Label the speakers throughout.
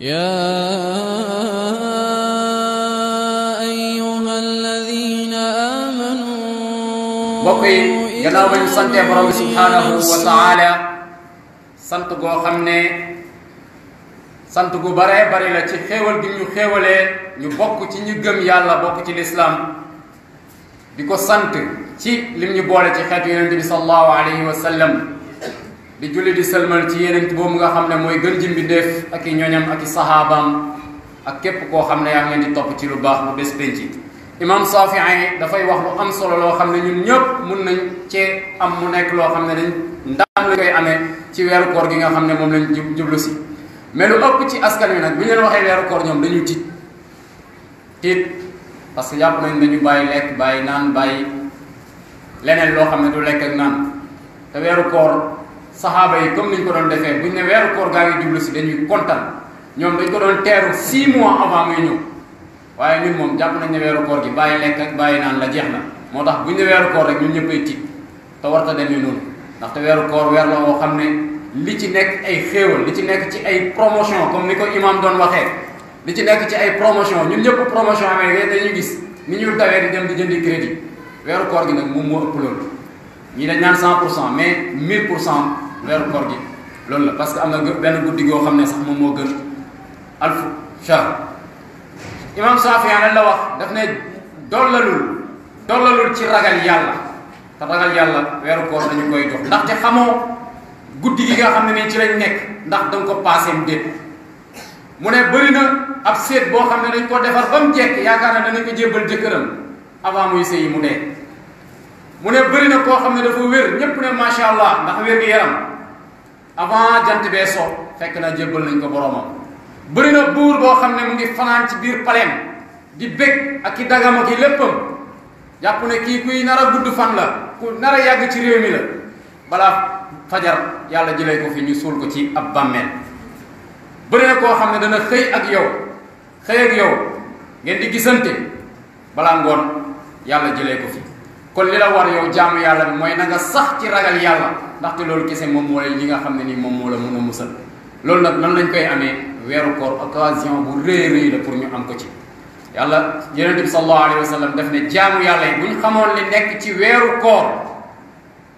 Speaker 1: يا أيها الذين آمنوا mbokk yi ba ñu santee borom bi wa taala sant goo xam ne sant gu bare bari la ci xéewal gi ñu xéewalee ñu bokk ci ñu gëm yàlla bokk ci lislaam di ko sant ci lim ñu boole ci xeetu yonente bi sallallahu alayhi wa sallam di julli di selmal ci yenent boobu nga xamne moy mooy gën jimbi def ak ñoñam ak sahabam ak kep ko xamne ya yaa di top ci lu baax bu bes penc imam safii fay wax lu am solo lo xamne ñun ñepp mën nañ ci am mu nek lo xamne dañ ndam la koy amé ci weeru koor gi nga xamne mom lañ jublu ci mais lu upp ci askan wi nak bu ñeen waxe waxee koor ñom dañu tit tit parce que yapp nañ dañu bayyi lek bayyi nan bayyi leneen lo xamne du lek ak nan te weeru koor saxaaba yi comme ni ñu ko doon defee buñ ne weeru koor gaa ngi jublu si dañuy kontaan ñoom dañ ko doon teeru six mois avant muy ñëw waaye ñun moom jàpp nañ ne weeru koor gi bàyyi lekk ak bàyyi naan la jeex na moo tax buñ ne weeru koor rek ñun ñëppay tiit te warta demee noonu ndaxte weeru koor weer la woo xam ne li ci nekk ay xéewal li ci nekk ci ay promotion comme ni ko imam doon waxee li ci nekk ci ay promotion ñun ñëpp promotion amee dañuy gis ni ñuy tawee di dem di crédit weeru koor gi nag moom moo ëpp ñii dañ naan cent pour cent mais 1000 pour cent weeru koor gi loolu la parce que am na benn guddi goo xam ne sax moom moo gën alfu shahr imam Safiyaan lan la wax daf ne dollalul dollalul ci ragal yàlla te ragal yàlla weeru koor dañu koy jox ndaxte xamoo guddi gi nga xam ne nii ci lañ nekk ndax danga ko paaseem déet mu ne bëri na ab seet boo xam ne dañ ko defar ba mu jekk yaakaar na danañ ko jébbal jëkkëram avant muy yi mu dee mu ne bëri na koo xam ne dafa wér ñépp ne macha allah ndax wér gi yaram avant jant bee soo fekk na jébbal nañ ko boroomam bëri na buur boo xam ne mu ngi fanaan ci biir paleem di bég ak i dagam ak léppam jàpp ne kii kuy nar a gudd fan la ku nar a yàgg ci réew mi la balaa fajar yàlla jële ko fi ñu suul ko ci ab bàmmeel bëri na koo xam ne dana xëy ak yow xëy ak yow ngeen di gisante balaa ngoon yàlla jëlee ko fii kon li la war yow jaamu yàlla mooy na nga sax ci ragal yàlla ndaxte loolu kese moom moo lay li nga xam ne nii moom moo la mën a musal loolu nag nan lañ koy amee weeru koor occasion bu rëy rëy la pour ñu am ko ci yàlla yonent bi sallallahu alayhi wa sallam daf ne jaamu yàlla yi bu ñu xamoon ni nekk ci weeru koor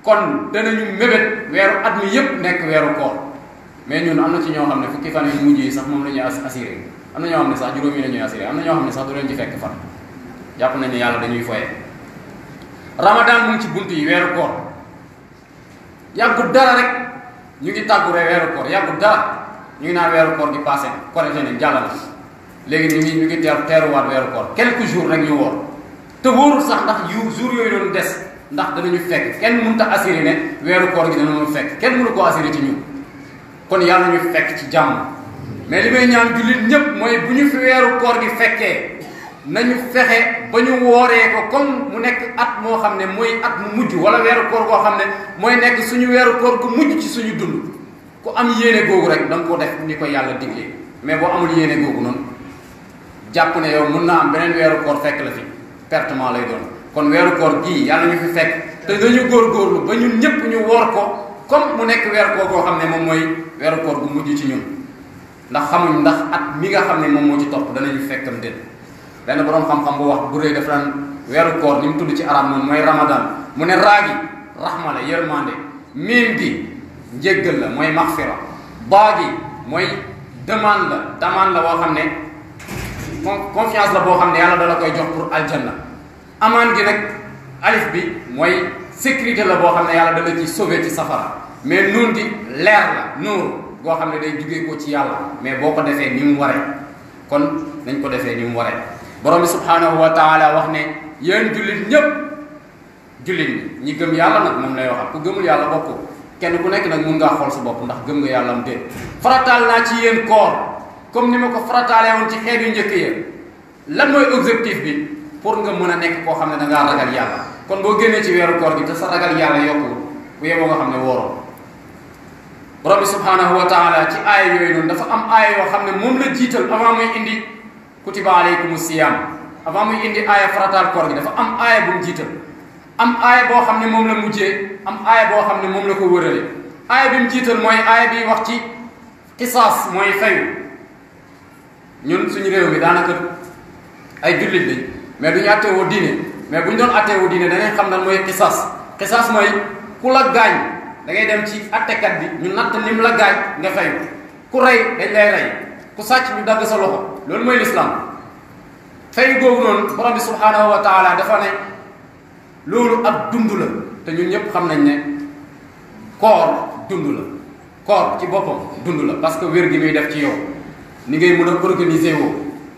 Speaker 1: kon danañu mébét weeru at mi yépp nekk weeru koor mais ñun am na ci ñoo xam ne fukki fan yu mujj yi sax moom la ñuy assuré am na ñoo sax juróomi la na ñoo xam ne sax du leen fekk fan jàpp nañu yàlla dañuy foye ramadan mu ngi ci bunt yi weeru koor yàggu dara rek ñu ngi tàggu rek weeru koor yàggu dara ñu ngi naan weeru koor gi passé corrigé nañ jàll na léegi ñu ngi ñu ngi teer teeruwaat weeru koor quelques jours rek ñu woor te wóorul sax ndax yu jours yooyu doon des ndax danañu fekk kenn mënut a assuré ne weeru koor gi dana mën fekk kenn mënu koo assuré ci ñun kon yàlla ñu fekk ci jàmm mais li may ñaan jullit ñépp mooy bu ñu fi weeru koor gi fekkee nañu fexe ba ñu wooree ko comme mu nekk at moo xam ne mooy at mu mujj wala weeru koor goo xam ne mooy nekk suñu weeru koor gu mujj ci suñu dund ku am yéene googu rek danga nga koo def ni ko yàlla diglee mais boo amul yéene googu noonu jàpp ne yow mun naa am beneen weeru koor fekk la fi pertement lay doon kon weeru koor gii yàlla ñu fi fekk te góor góorgóorlu ba ñun ñëpp ñu woor ko comme mu nekk weeru koor goo xam ne moom mooy weeru koor gu mujj ci ñun ndax xamuñ ndax at mi nga xam ne moom moo ci topp danañu fekkam déet benn borom xam-xam boo wax bu rëy dafa daan weeru koor ni mu tudd ci arab moom mooy ramadan mu ne raa gi rahma la yërmande miim gi njéggal la mooy maxfira baa gi mooy demande la demande la boo xam ne confiance la boo xam ne yàlla da la koy jox pour aljanna amaan gi nag alif bi mooy sécurité la boo xam ne yàlla da la ci ci safara mais nuun gi leer la nuur goo xam ne day jugee ko ci yàlla mais boo ko defee ni mu waree kon nañ ko defee ni mu waree borom bi subhaanahu wa taala wax ne yéen jullit ñépp jullit ñi ñi gëm yàlla nag moom lay waxal ku gëmul yàlla bokk kenn ku nekk nag mun ngaa xool sa bopp ndax gëm nga yàlla am déet farataal naa ci yéen koor comme ni ma ko farataalee woon ci xeet njëkk ya lan mooy objectif bi pour nga mën a nekk koo xam ne da ngaa ragal yàlla kon boo génnee ci weeru koor gi te sa ragal yàlla yokku bu yeboo nga xam ne wooroo borom bi subhaanahu wa ci aaya yooyu noonu dafa am aaya yoo xam ne moom la kutiba aleykum siyaam avant muy indi aaya farataal koor gi dafa am aaya bu mu jiital am aaya boo xam ne moom la mujjee am aaya boo xam ne moom la ko wërale aaya bi mu jiital mooy aaya bi wax ci xisaas mooy fayu ñun suñu réew mi daanaka ay jullit lañ mais duñu àtteewoo diine mais bu ñu doon àtteewoo diine danañ xam lan mooy xisaas xisaas mooy ku la gaañ dangay dem ci attekat bi ñu natt lim la gaañ nga fayu ku rey dañ rey ku sàcc ñu dagg sa loxo loolu mooy lislaam fay googu noonu borom bi subhaanahu wa taala dafa ne loolu ab dund la te ñun ñëpp xam nañ ne koor dund la koor ci boppam dund la parce que wér gi muy def ci yow ni ngay mën a organiser woo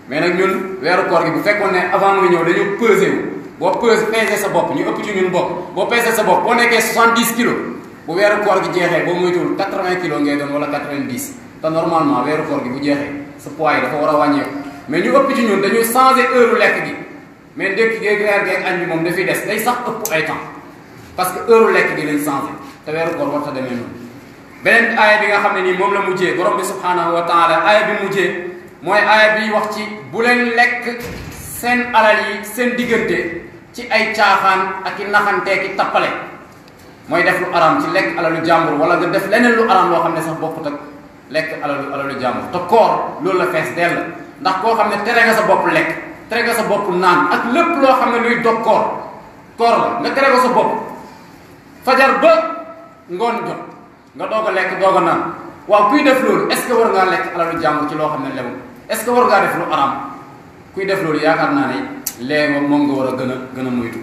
Speaker 1: mais nag ñun weeru koor gi bu fekkoon ne avant muy ñëw dañu peser boo pese peser sa bopp ñu ëpp ci ñun bopp boo peser sa bopp boo nekkee 70 kilos bu weeru koor gi jeexee boo moytuwul 80 kilos ngay doon wala 90 te normalement weeru sa poids yi dafa war a wàññeeku mais ñu ëpp ci ñun dañuy changer heure lekk gi mais ndékki geeg reer geeg añ bi moom dafay des day sax ëpp ay temps parce que heure lekk gi lañ changé te weeru koor warta demee noonu beneen aaya bi nga xam ne nii moom la mujjee borom bi subhanahu wa taala aaya bi mujjee mooy aaya bi wax ci bu leen lekk seen alal yi seen diggante ci ay caaxaan ak i naxantee ki tappale mooy def lu araam ci lekk alalu jàmbur wala nga def leneen lu araam loo xam ne sax bokkut ak lekk alalu alalu jàmm te koor loolu la fees dell ndax koo xam ne tere nga sa bopp lekk tere nga sa bopp naan ak lépp loo xam ne luy dog koor koor la nga tere ko sa bopp fajar ba ngoon jot nga doog a lekk doog a naan waaw kuy def loolu est ce que war ngaa lekk alalu jàmm ci loo xam ne lemu est ce que war ngaa def lu araam kuy def loolu yaakaar naa ne léegi moom nga war a gën a gën a moytu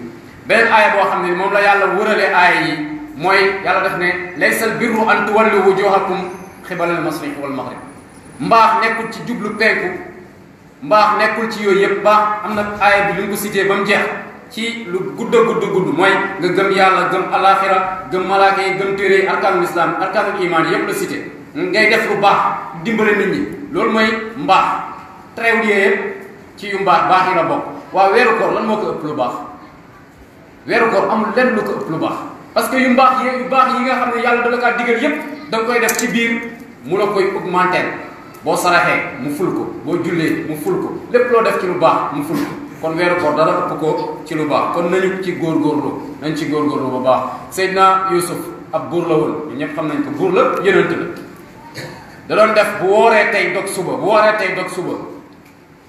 Speaker 1: beneen aaya boo xam ne moom la yàlla wëralee aaya yi mooy yàlla def ne laysal birru an tuwallu wujuhakum xibalal masriq wal maghrib mbaax nekkul ci jublu penku mbaax nekkul ci yooyu yëpp baax am na aaya bi lu ñu ko cité ba mu jeex ci lu gudd a gudd gudd mooy nga gëm yàlla gëm alaxira gëm malaaka yi gëm téere yi arkaanul islam arkaanul iman yëpp la cité ngay def lu baax dimbali nit ñi loolu mooy mbaax traité yëpp ci yu mbaax baax yi la bokk waaw weeru koor lan moo ko ëpp lu baax weeru koor amul lenn lu ko ëpp lu baax parce que yu mbaax yu baax yi nga xam ne yàlla dala kaa yëpp da koy def ci biir mu la koy augmenter boo saraxee mu ful ko boo jullee mu ful ko lépp loo def ci lu baax mu ful ko kon weeru koor dara ëpp ko ci lu baax kon nañu ci góor góorgóorlu nañ ci góor góorgóorlu bu baax Seydina Yusuf ab buur la woon ñu ñëpp xam nañ ko buur la yonent la da def bu wooree tey dog suba bu wooree tey dog suba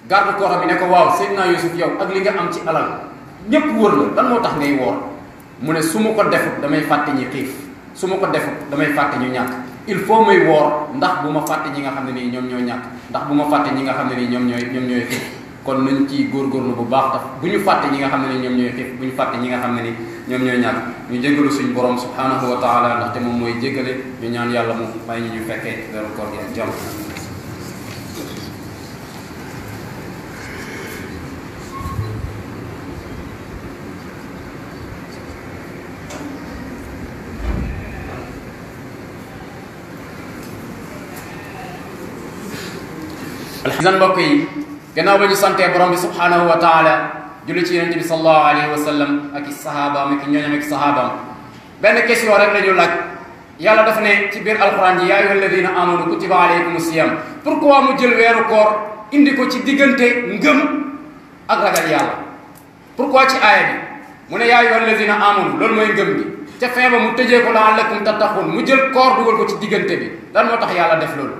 Speaker 1: garde corps bi ne ko waaw Seydina Yusuf yow ak li nga am ci alal ñépp wër la lan moo tax ngay woor mu ne su ma ko defut damay fàtte ñi su ma ko defut damay fàtte ñu il faut muy woor ndax bu ma fàtte ñi nga xam ne nii ñoom ñoo ñàkk ndax bu ma fàttee ñi nga xam ne nii ñoom ñooy ñoom ñooy xiif kon nañ ci góorgóorlu bu baax tax bu ñu fàttee ñi nga xam ne nii ñoom ñooy xiif bu ñu fàtte ñi nga xam ne nii ñoom ñooy ñàkk ñu jégalu suñu borom subhanahu wa taala te moom mooy jégale ñu ñaan yàlla mu may ñu ñu fekkee weeru koor gi kon mbokk yi gannaaw ba ñu santee borom bi subhaanahu wa taala julli ci yonente bi sallallahu alayhi wa sallam ak i sahabaam ak i ñooñam ak i sahabaam benn question rek la ñu laaj yàlla def ne ci biir alquran ji yaa ayyuha alladina amanu kutiba alaykum siyam pourquoi mu jël weeru koor indi ko ci diggante ngëm ak ragal yàlla pourquoi ci aaya bi mu ne yaa ayyuha alladina loolu mooy ngëm bi te fin mu tëjee ko la'allakum tattaqun mu jël koor dugal ci diggante bi lan moo tax yàlla def loolu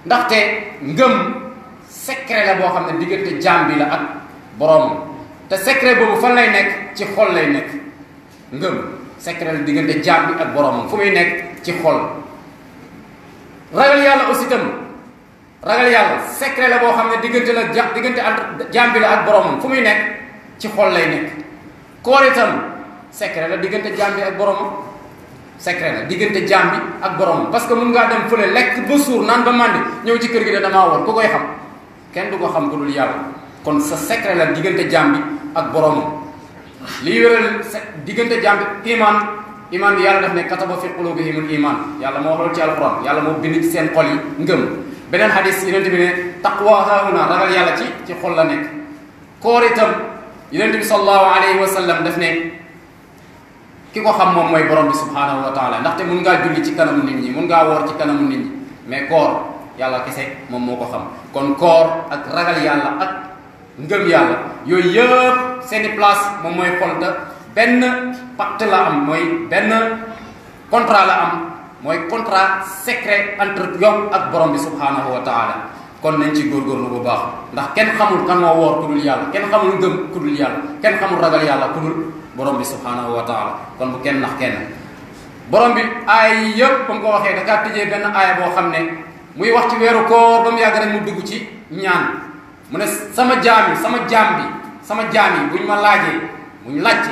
Speaker 1: ndaxte ngëm secret la boo xam ne diggante jaam bi la ak boroom te secret boobu fan lay nekk ci xol lay nekk ngëm secret la diggante jaam bi ak boroomam fu muy nekk ci xol ragal yàlla aussi tam ragal yàlla secret la boo xam ne diggante la ja diggante ak jaam bi la ak boroomam fu muy nekk ci xol lay nekk koor itam secret la diggante jaam ak boroomam secret la diggante bi ak boroomam parce que mun ngaa dem fële lekk ba suur naan ba màndi ñëw ci kër gi ne damaa woor ku koy xam kenn du ko xam ku dul yàlla kon sa secret la diggante jaam ak boromam li wéral diggante jaam bi iman bi yàlla daf ne kataba fi qulubihimul iman yàlla moo wax loolu ci alquran yàlla moo bind ci seen xol yi ngëm beneen hadis yonent bi ne taqwa haahuna ragal yàlla ci ci xol la nekk koor itam yonent bi sallallahu alayhi wa sallam daf ne ki ko xam moom mooy borom bi subhanahu wa taala ndaxte mun ngaa julli ci kanamu nit ñi mun ngaa woor ci kanamu yalla kesse mom moko xam kon koor ak ragal yalla ak ngeum yalla yoy yeb seni place mom moy xol da ben pacte la am moy ben contrat la am moy contrat secret entre yow ak borom bi subhanahu wa taala kon nañ ci lu bu baax ndax ken xamul kan mo wor kudul yalla ken xamul ngeum kudul yalla ken xamul ragal yalla kudul borom bi subhanahu wa taala kon bu ken nax ken borom bi ay yeb ba ko waxe da ka tije ben bo xamne muy wax ci weeru koor ba mu yàgg rek mu dugg ci ñaan mu ne sama jaam sama jaam bi sama jaam yi buñ ma laajee buñ laajte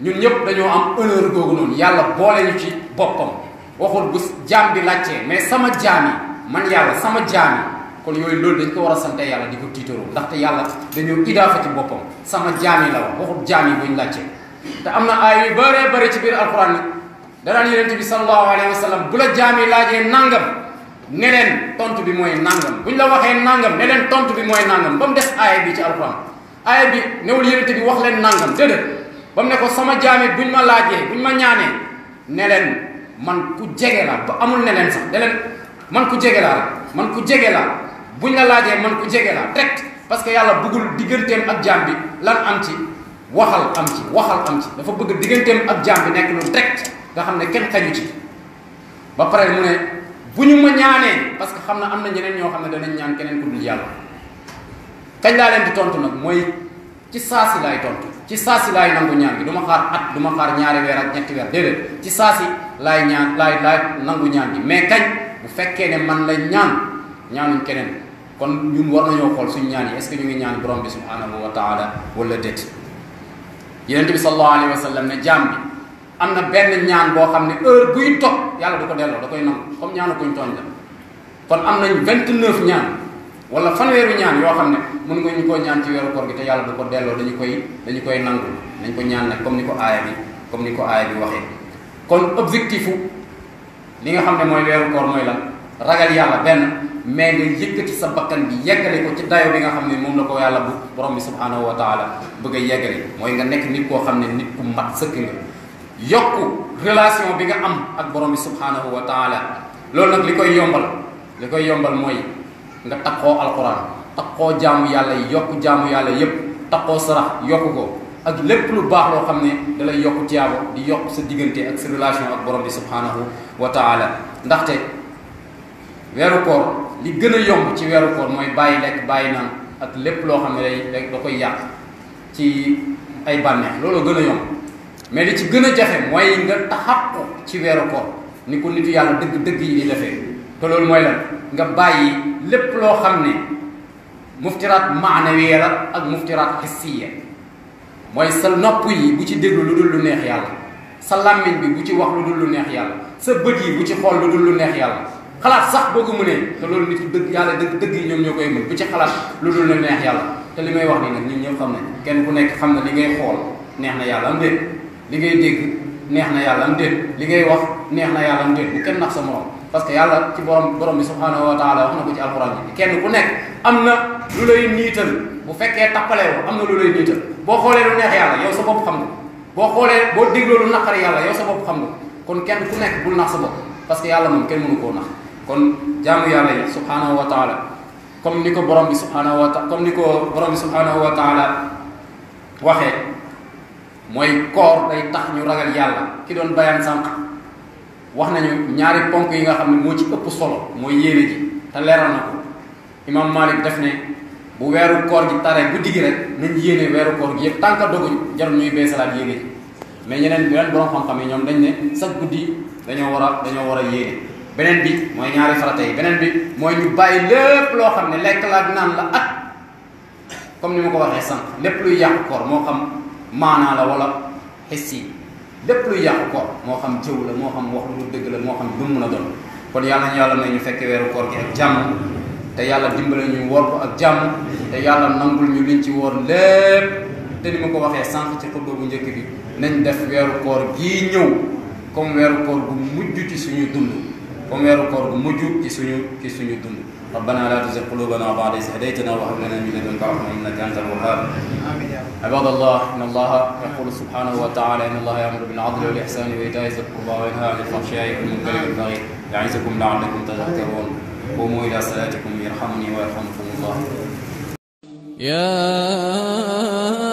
Speaker 1: ñun ñëpp dañoo am honneur googu noonu yàlla boole ñu ci boppam waxul bu jaam bi laajtee mais sama jaam yi man yàlla sama jaam yi kon yooyu loolu dañ ko war a sante yàlla di ko tiitaroo ndaxte yàlla dañoo idaafa ci boppam sama jaam yi la wax waxul jaam yi buñ laajtee te am na ay yu bëree bëri ci biir alquran danaan yonente bi sallallahu alayhi wa sallam bu la jaam yi laajee nangam ne leen tontu bi mooy nangam bu ñu la waxee nangam ne tontu bi mooy nangam ba mu des aaya bi ci alxuraan aaya bi newul yënte bi wax leen nangam déedéet ba mu ne ko sama jaami buñ ma laajee buñ ma ñaanee ne leen man ku jege laa ba amul ne leen sax ne man ku jege laa rek man ku jege laa buñ la laajee man ku jege laa direct parce que yàlla bëggul digganteem ak jaam bi lan am ci waxal am ci waxal am ci dafa bëgg digganteem ak jaam bi nekk lu direct nga xam ne kenn xaju ba pare bu ñu ma ñaanee parce que xam na am na ñeneen ñoo xam ne danañ ñaan keneen ku dul yàlla kañ laa leen di tontu nag mooy ci saa si laay tontu ci saa si laay nangu ñaan gi du xaar at du ma xaar ñaari weer ak ñetti weer déedéet ci saa si laay ñaan laay laay nangu ñaan gi mais kañ bu fekkee ne man la ñaan ñaanuñ keneen kon ñun war nañoo xool suñu ñaan yi est ñu ngi ñaan borom bi subhanahu wa taala wala déet yeneen bi sallallahu alayhi wa ne jaam bi am na benn ñaan boo xam ne heure buy toog yàlla du ko delloo da koy nangu comme ñaanu kuñ tooñ la kon am nañ vingt-neuf ñaan wala fanweeri ñaan yoo xam ne mën nga ñu koo ñaan ci weeru koor gi te yàlla du ko delloo dañu koy dañu koy nangu dañ ko ñaan nag comme ni ko aaya bi comme ni ko aaya bi waxee kon objectif li nga xam ne mooy weeru koor mooy lan ragal yàlla mais nga sa bakkan bi yeggale ko ci dayo bi nga xam ne moom la ko yàlla bu borom bi subhanahu wa taala bëgg a yeggale mooy nga nekk nit koo xam ne nit ku mat sëkk nga yokk relation bi nga am ak borom bi subhanahu wa taala loolu nag li koy yombal li koy yombal mooy nga takkoo alquran takkoo jaamu yàlla yi yokk jaamu yàlla yépp takkoo sarax yokk ko ak lépp lu baax loo xam ne dalay yokk tiyaabo di yokk sa diggante ak sa relation ak borom bi subhanahu wa ndaxte weeru koor li gën a yomb ci weeru koor mooy bàyyi lekk bàyyi naan ak lépp loo xam ne day da koy yàq ci ay bànneex looloo gën a yomb mais li ci gën a jafe mooy nga taxaq ci weeru koor ni ko nitu yàlla dëgg dëgg yi di defee te loolu mooy la nga bàyyi lépp loo xam ne muftiraat maanawiya la ak muftiraat hissiya mooy sa nopp yi bu ci déglu lu dul lu neex yàlla sa làmmiñ bi bu ci wax lu dul lu neex yàlla sa bët yi bu ci xool lu dul lu neex yàlla xalaat sax boo ko mu mënee te loolu nit dëgg yàlla dëgg dëgg yi ñoom ñoo koy mën bu ci xalaat lu dul lu neex yàlla te li may wax nii nag ñun ñëpp xam ne kenn ku nekk xam nga li ngay xool neex na yàlla am li ngay dégg neex na yàlla am déet li ngay wax neex na yàlla am déet bu kenn nax sa morom parce que yàlla ci borom borom bi subhanahu wa taala wax na ko ci alxuraan bi kenn ku nekk am na lu lay niital bu fekkee tappalee woo am na lu lay niital boo xoolee lu neex yàlla yow sa bopp xam nga boo xoolee boo dégloo lu naqari yàlla yow sa bopp xam nga kon kenn ku nekk bul nax sa bopp parce que yàlla moom kenn mënu koo nax kon jaamu yàlla yi subhanahu wa taala comme ni ko borom bi subhanahu wa taala comme ni ko borom bi subhanahu wa taala waxee mooy koor day tax ñu ragal yàlla ki doon bayaan sànq wax nañu ñaari ponk yi nga xam ne moo ci ëpp solo mooy yéene ji te leeral na ko imaam Malik def ne bu weeru koor ji taree guddi gi rek nañ yéene weeru koor gi yëpp tànk doguñu jarul ñuy beesalaat yéene ji mais ñeneen yeneen borom xam-xam yi ñoom dañ ne sax guddi dañoo war a dañoo war a yéene beneen bi mooy ñaari farata yi beneen bi mooy ñu bàyyi lépp loo xam ne lekk la naan la ak comme ni ma ko waxee sànq lépp luy yàq koor moo xam maanaa la wala xis yi lépp lu yàqu koor moo xam jëw la moo xam wax lu dëgg la moo xam lu mu la doon kon yàlla nañu yàlla may ñu fekke weeru koor gi ak jàmm te yàlla dimbale ñu woor ko ak jàmm te yàlla nangul ñu liñ ci woor lépp te ni ma ko waxee sànq ci xutba bu njëkk bi nañ def weeru koor gii ñëw comme weeru koor bu mujj ci suñu dund comme weeru موجو كي mujj كي suñu دوند ربنا لا تزغ قلوبنا بعد إذ هديتنا وهب لنا من لدنك رحمة إنك أنت الوهاب عباد الله إن الله يقول سبحانه وتعالى إن الله يأمر بالعدل والإحسان وإيتاء ذي القربى وينهى عن الفحشاء والمنكر والبغي يعظكم لعلكم تذكرون قوموا إلى صلاتكم يرحمني ويرحمكم الله يا